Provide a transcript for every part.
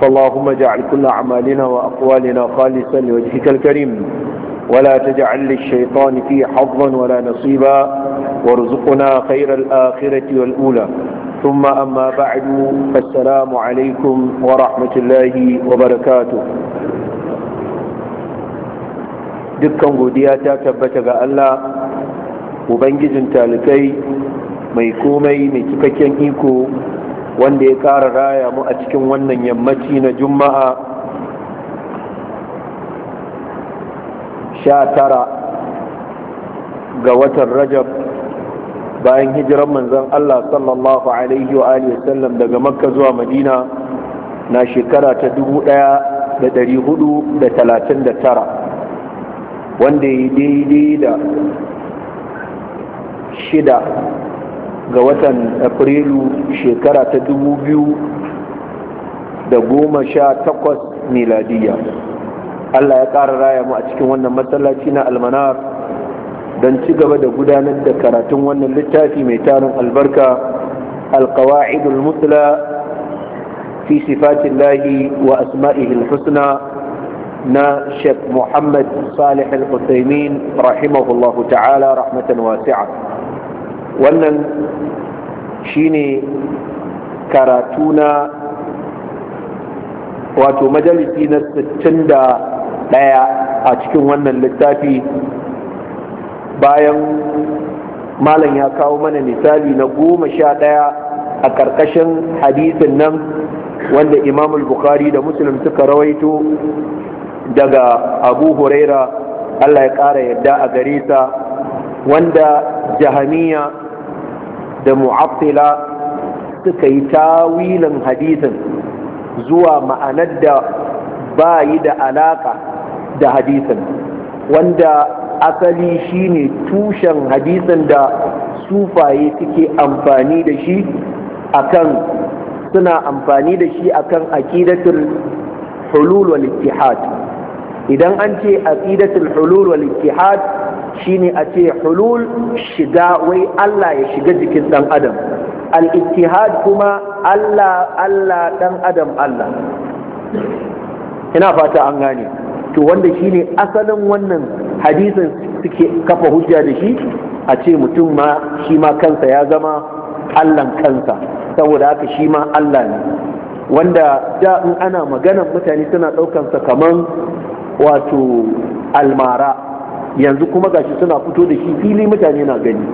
فاللهم اجعل كل أعمالنا وأقوالنا خالصا لوجهك الكريم ولا تجعل للشيطان فيه حظا ولا نصيبا وارزقنا خير الآخرة والأولى ثم أما بعد فالسلام عليكم ورحمة الله وبركاته dukkan godiya ta tabbata ga Allah Ubangijin talikai mai komai mai cikakken iko wanda ya kara raya mu a cikin wannan yammaci na juma'a sha tara ga watan rajab bayan hijiran manzon Allah sallallahu alaihi wa alihi sallam daga makka zuwa madina na shekara ta dubu ɗaya da ɗari hudu da talatin da tara wanda ya daidai da shida ga watan afrilu shekara ta dubu biyu da goma sha takwas miladiya allah ya ƙara raya mu a cikin wannan matsalaci na almanar don ci gaba da gudanar da karatun wannan littafi mai tarin albarka القواعد المثلى sifatin lahi wa وأسمائه الحسنى na شيخ muhammad صالح القتيمين رحمه الله تعالى wannan shine karatu na wato majalisi na 61 a cikin wannan littafi bayan malam ya kawo mana misali na goma sha ɗaya a ƙarƙashin hadisin nan wanda imam bukhari da muslim suka rawaito daga abu huraira allah ya ƙara yadda a gare sa wanda jahamiya da mu'attila suka yi tawilin hadisin zuwa ma'anar da ba yi da alaka da hadisin wanda asali shine tushen hadisin da sufaye suke amfani da shi akan suna amfani da shi akan aqidatul hulul wal ittihad idan an ce aqidatul hulul wal ittihad shine a ce hulul shiga wai Allah ya shiga jikin ɗan adam al-ittihad kuma Allah Allah dan adam Allah ina fata an gane to wanda shine asalin wannan hadisin suke kafa hujja da shi a ce mutum ma shi ma kansa ya zama Allahn kansa saboda haka shi ma Allah ne wanda da in ana maganan mutane suna ɗaukansa kamar wato almara yanzu kuma gashi suna fito da shi fili mutane na gani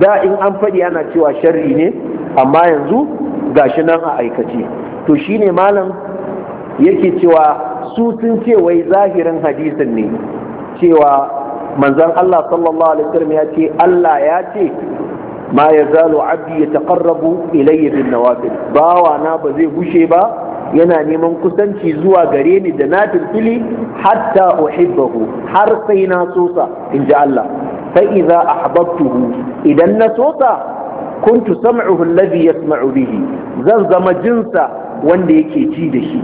da in an faɗi ana cewa sharri ne amma yanzu gashi nan a aikace to shine malam yake cewa su sun ce wai zahirin hadisin ne cewa manzon Allah sallallahu alaihi wasallam ya ce Allah ya ce ma yazalu abdi yataqarrabu ilayya bin nawafil bawa na ba zai bushe ba yana neman kusanci zuwa gare ni da na fili hatta uhibbahu har sai na sosa in ji Allah fa idza ahbabtuhu idan na sosa kuntu sam'uhu alladhi yasma'u bihi zan zama jinsa wanda yake ji da shi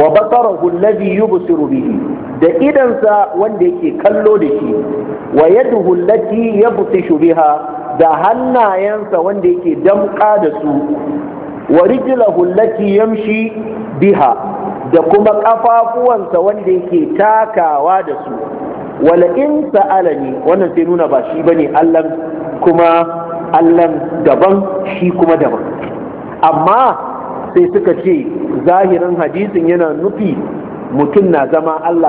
wa basarahu alladhi yubsiru bihi da idansa wanda yake kallo da shi wa yaduhu allati yabtishu biha da hannayensa wanda yake damƙa da su wa rijlahu allati yamshi biha da kuma kafafuwansa wanda yake takawa da su wala in sa'alani wannan sai nuna ba shi bane Allah kuma Allah daban shi kuma daban amma sai suka ce zahirin hadisin yana nufi mutum na zama Allah